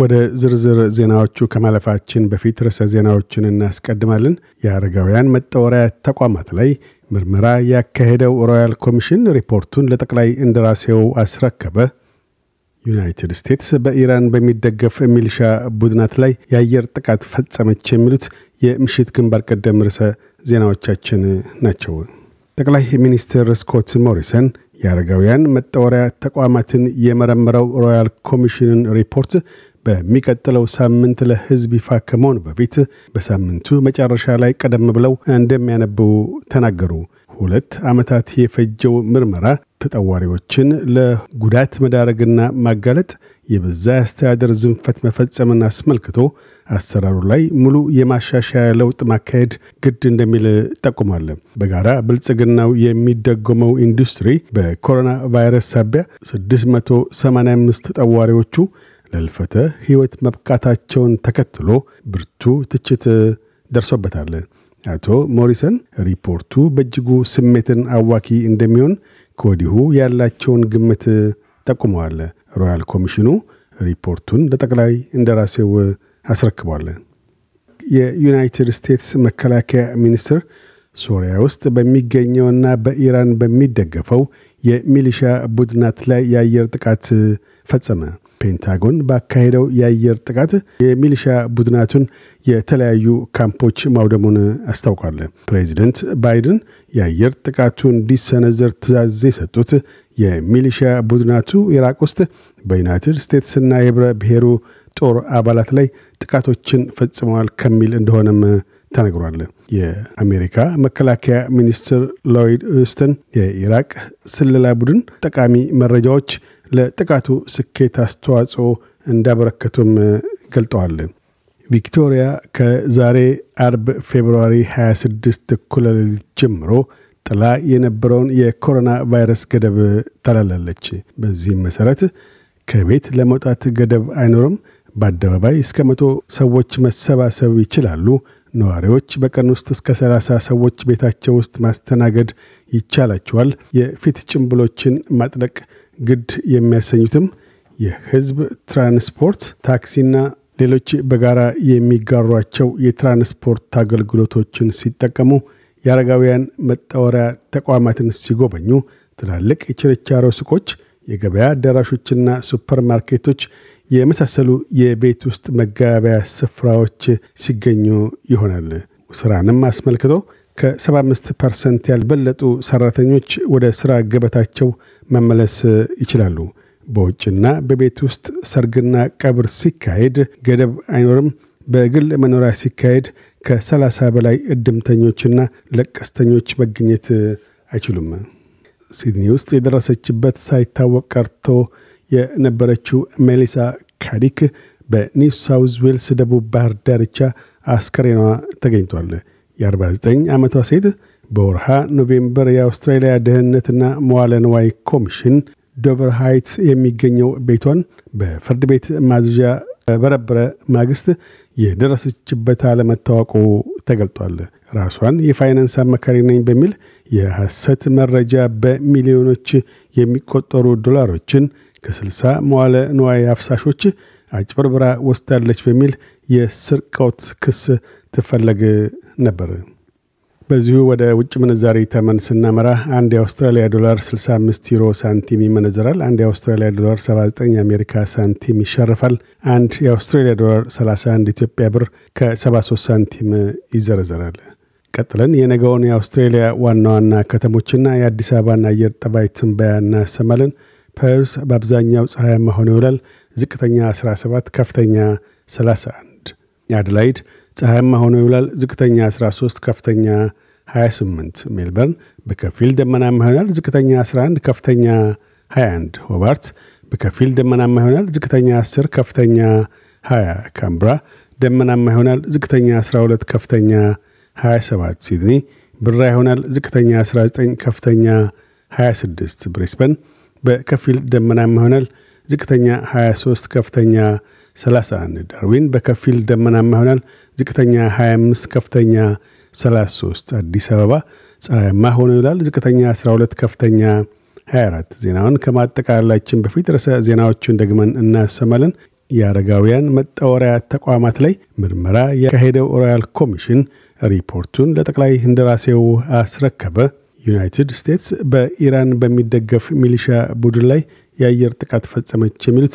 ወደ ዝርዝር ዜናዎቹ ከማለፋችን በፊት ርዕሰ ዜናዎችን እናስቀድማለን። የአረጋውያን መጠወሪያ ተቋማት ላይ ምርመራ ያካሄደው ሮያል ኮሚሽን ሪፖርቱን ለጠቅላይ እንደራሴው አስረከበ። ዩናይትድ ስቴትስ በኢራን በሚደገፍ ሚሊሻ ቡድናት ላይ የአየር ጥቃት ፈጸመች። የሚሉት የምሽት ግንባር ቀደም ርዕሰ ዜናዎቻችን ናቸው። ጠቅላይ ሚኒስትር ስኮት ሞሪሰን የአረጋውያን መጠወሪያ ተቋማትን የመረመረው ሮያል ኮሚሽንን ሪፖርት በሚቀጥለው ሳምንት ለህዝብ ይፋ ከመሆን በፊት በሳምንቱ መጨረሻ ላይ ቀደም ብለው እንደሚያነብቡ ተናገሩ። ሁለት ዓመታት የፈጀው ምርመራ ተጠዋሪዎችን ለጉዳት መዳረግና ማጋለጥ፣ የበዛ አስተዳደር ዝንፈት መፈጸምን አስመልክቶ አሰራሩ ላይ ሙሉ የማሻሻያ ለውጥ ማካሄድ ግድ እንደሚል ጠቁሟል። በጋራ ብልጽግናው የሚደጎመው ኢንዱስትሪ በኮሮና ቫይረስ ሳቢያ 685 ተጠዋሪዎቹ ለልፈተ ሕይወት መብቃታቸውን ተከትሎ ብርቱ ትችት ደርሶበታል። አቶ ሞሪሰን ሪፖርቱ በእጅጉ ስሜትን አዋኪ እንደሚሆን ከወዲሁ ያላቸውን ግምት ጠቁመዋል። ሮያል ኮሚሽኑ ሪፖርቱን ለጠቅላይ እንደራሴው አስረክቧል። የዩናይትድ ስቴትስ መከላከያ ሚኒስትር ሶሪያ ውስጥ በሚገኘውና በኢራን በሚደገፈው የሚሊሻ ቡድናት ላይ የአየር ጥቃት ፈጸመ። ፔንታጎን ባካሄደው የአየር ጥቃት የሚሊሻ ቡድናቱን የተለያዩ ካምፖች ማውደሙን አስታውቋል። ፕሬዚደንት ባይደን የአየር ጥቃቱ እንዲሰነዘር ትእዛዝ የሰጡት የሚሊሻ ቡድናቱ ኢራቅ ውስጥ በዩናይትድ ስቴትስና የህብረ ብሔሩ ጦር አባላት ላይ ጥቃቶችን ፈጽመዋል ከሚል እንደሆነም ተነግሯል። የአሜሪካ መከላከያ ሚኒስትር ሎይድ ኦስትን የኢራቅ ስለላ ቡድን ጠቃሚ መረጃዎች ለጥቃቱ ስኬት አስተዋጽኦ እንዳበረከቱም ገልጠዋል። ቪክቶሪያ ከዛሬ አርብ ፌብርዋሪ 26 እኩለ ሌሊት ጀምሮ ጥላ የነበረውን የኮሮና ቫይረስ ገደብ ታላላለች። በዚህም መሠረት ከቤት ለመውጣት ገደብ አይኖርም። በአደባባይ እስከ መቶ ሰዎች መሰባሰብ ይችላሉ። ነዋሪዎች በቀን ውስጥ እስከ 30 ሰዎች ቤታቸው ውስጥ ማስተናገድ ይቻላቸዋል። የፊት ጭንብሎችን ማጥለቅ ግድ የሚያሰኙትም የህዝብ ትራንስፖርት፣ ታክሲና ሌሎች በጋራ የሚጋሯቸው የትራንስፖርት አገልግሎቶችን ሲጠቀሙ፣ የአረጋውያን መጣወሪያ ተቋማትን ሲጎበኙ፣ ትላልቅ የችርቻሮ ሱቆች፣ የገበያ አዳራሾችና ሱፐርማርኬቶች የመሳሰሉ የቤት ውስጥ መጋቢያ ስፍራዎች ሲገኙ ይሆናል። ስራንም አስመልክቶ ከ75 ፐርሰንት ያልበለጡ ሰራተኞች ወደ ሥራ ገበታቸው መመለስ ይችላሉ። በውጭና በቤት ውስጥ ሰርግና ቀብር ሲካሄድ ገደብ አይኖርም። በግል መኖሪያ ሲካሄድ ከ30 በላይ እድምተኞችና ለቀስተኞች መገኘት አይችሉም። ሲድኒ ውስጥ የደረሰችበት ሳይታወቅ ቀርቶ የነበረችው ሜሊሳ ካዲክ በኒው ሳውዝ ዌልስ ደቡብ ባህር ዳርቻ አስከሬኗ ተገኝቷል። የ49 ዓመቷ ሴት በወርሃ ኖቬምበር የአውስትራሊያ ደህንነትና መዋለ ንዋይ ኮሚሽን ዶቨር ሃይትስ የሚገኘው ቤቷን በፍርድ ቤት ማዝዣ በበረበረ ማግስት የደረሰችበት አለመታወቁ ተገልጧል። ራሷን የፋይናንስ አማካሪ ነኝ በሚል የሐሰት መረጃ በሚሊዮኖች የሚቆጠሩ ዶላሮችን ከ60 መዋለ ንዋይ አፍሳሾች አጭበርብራ ወስዳለች በሚል የስርቆት ክስ ትፈለግ ነበር። በዚሁ ወደ ውጭ ምንዛሪ ተመን ስናመራ አንድ የአውስትራሊያ ዶላር 65 ዩሮ ሳንቲም ይመነዘራል። አንድ የአውስትራሊያ ዶላር 79 አሜሪካ ሳንቲም ይሸርፋል። አንድ የአውስትራሊያ ዶላር 31 ኢትዮጵያ ብር ከ73 ሳንቲም ይዘረዘራል። ቀጥለን የነገውን የአውስትሬሊያ ዋና ዋና ከተሞችና የአዲስ አበባን አየር ጠባይ ትንበያ እናሰማለን። ፐርስ በአብዛኛው ፀሐያማ ሆኖ ይውላል። ዝቅተኛ 17፣ ከፍተኛ 31 አድላይድ ፀሐያማ ሆኖ ይውላል። ዝቅተኛ 13፣ ከፍተኛ 28። ሜልበርን በከፊል ደመናማ ይሆናል። ዝቅተኛ 11፣ ከፍተኛ 21። ሆባርት በከፊል ደመናማ ይሆናል። ዝቅተኛ 10፣ ከፍተኛ 20። ካምብራ ደመናማ ይሆናል። ዝቅተኛ 12፣ ከፍተኛ 27። ሲድኒ ብራ ይሆናል። ዝቅተኛ 19፣ ከፍተኛ 26። ብሪስበን በከፊል ደመናማ ይሆናል። ዝቅተኛ 23፣ ከፍተኛ 31 ዳርዊን በከፊል ደመናማ ይሆናል። ዝቅተኛ 25፣ ከፍተኛ 33። አዲስ አበባ ፀሐያማ ሆኖ ይውላል። ዝቅተኛ 12፣ ከፍተኛ 24። ዜናውን ከማጠቃላችን በፊት ርዕሰ ዜናዎቹን ደግመን እናሰማለን። የአረጋውያን መጠወሪያ ተቋማት ላይ ምርመራ ያካሄደው ሮያል ኮሚሽን ሪፖርቱን ለጠቅላይ እንደራሴው አስረከበ። ዩናይትድ ስቴትስ በኢራን በሚደገፍ ሚሊሻ ቡድን ላይ የአየር ጥቃት ፈጸመች። የሚሉት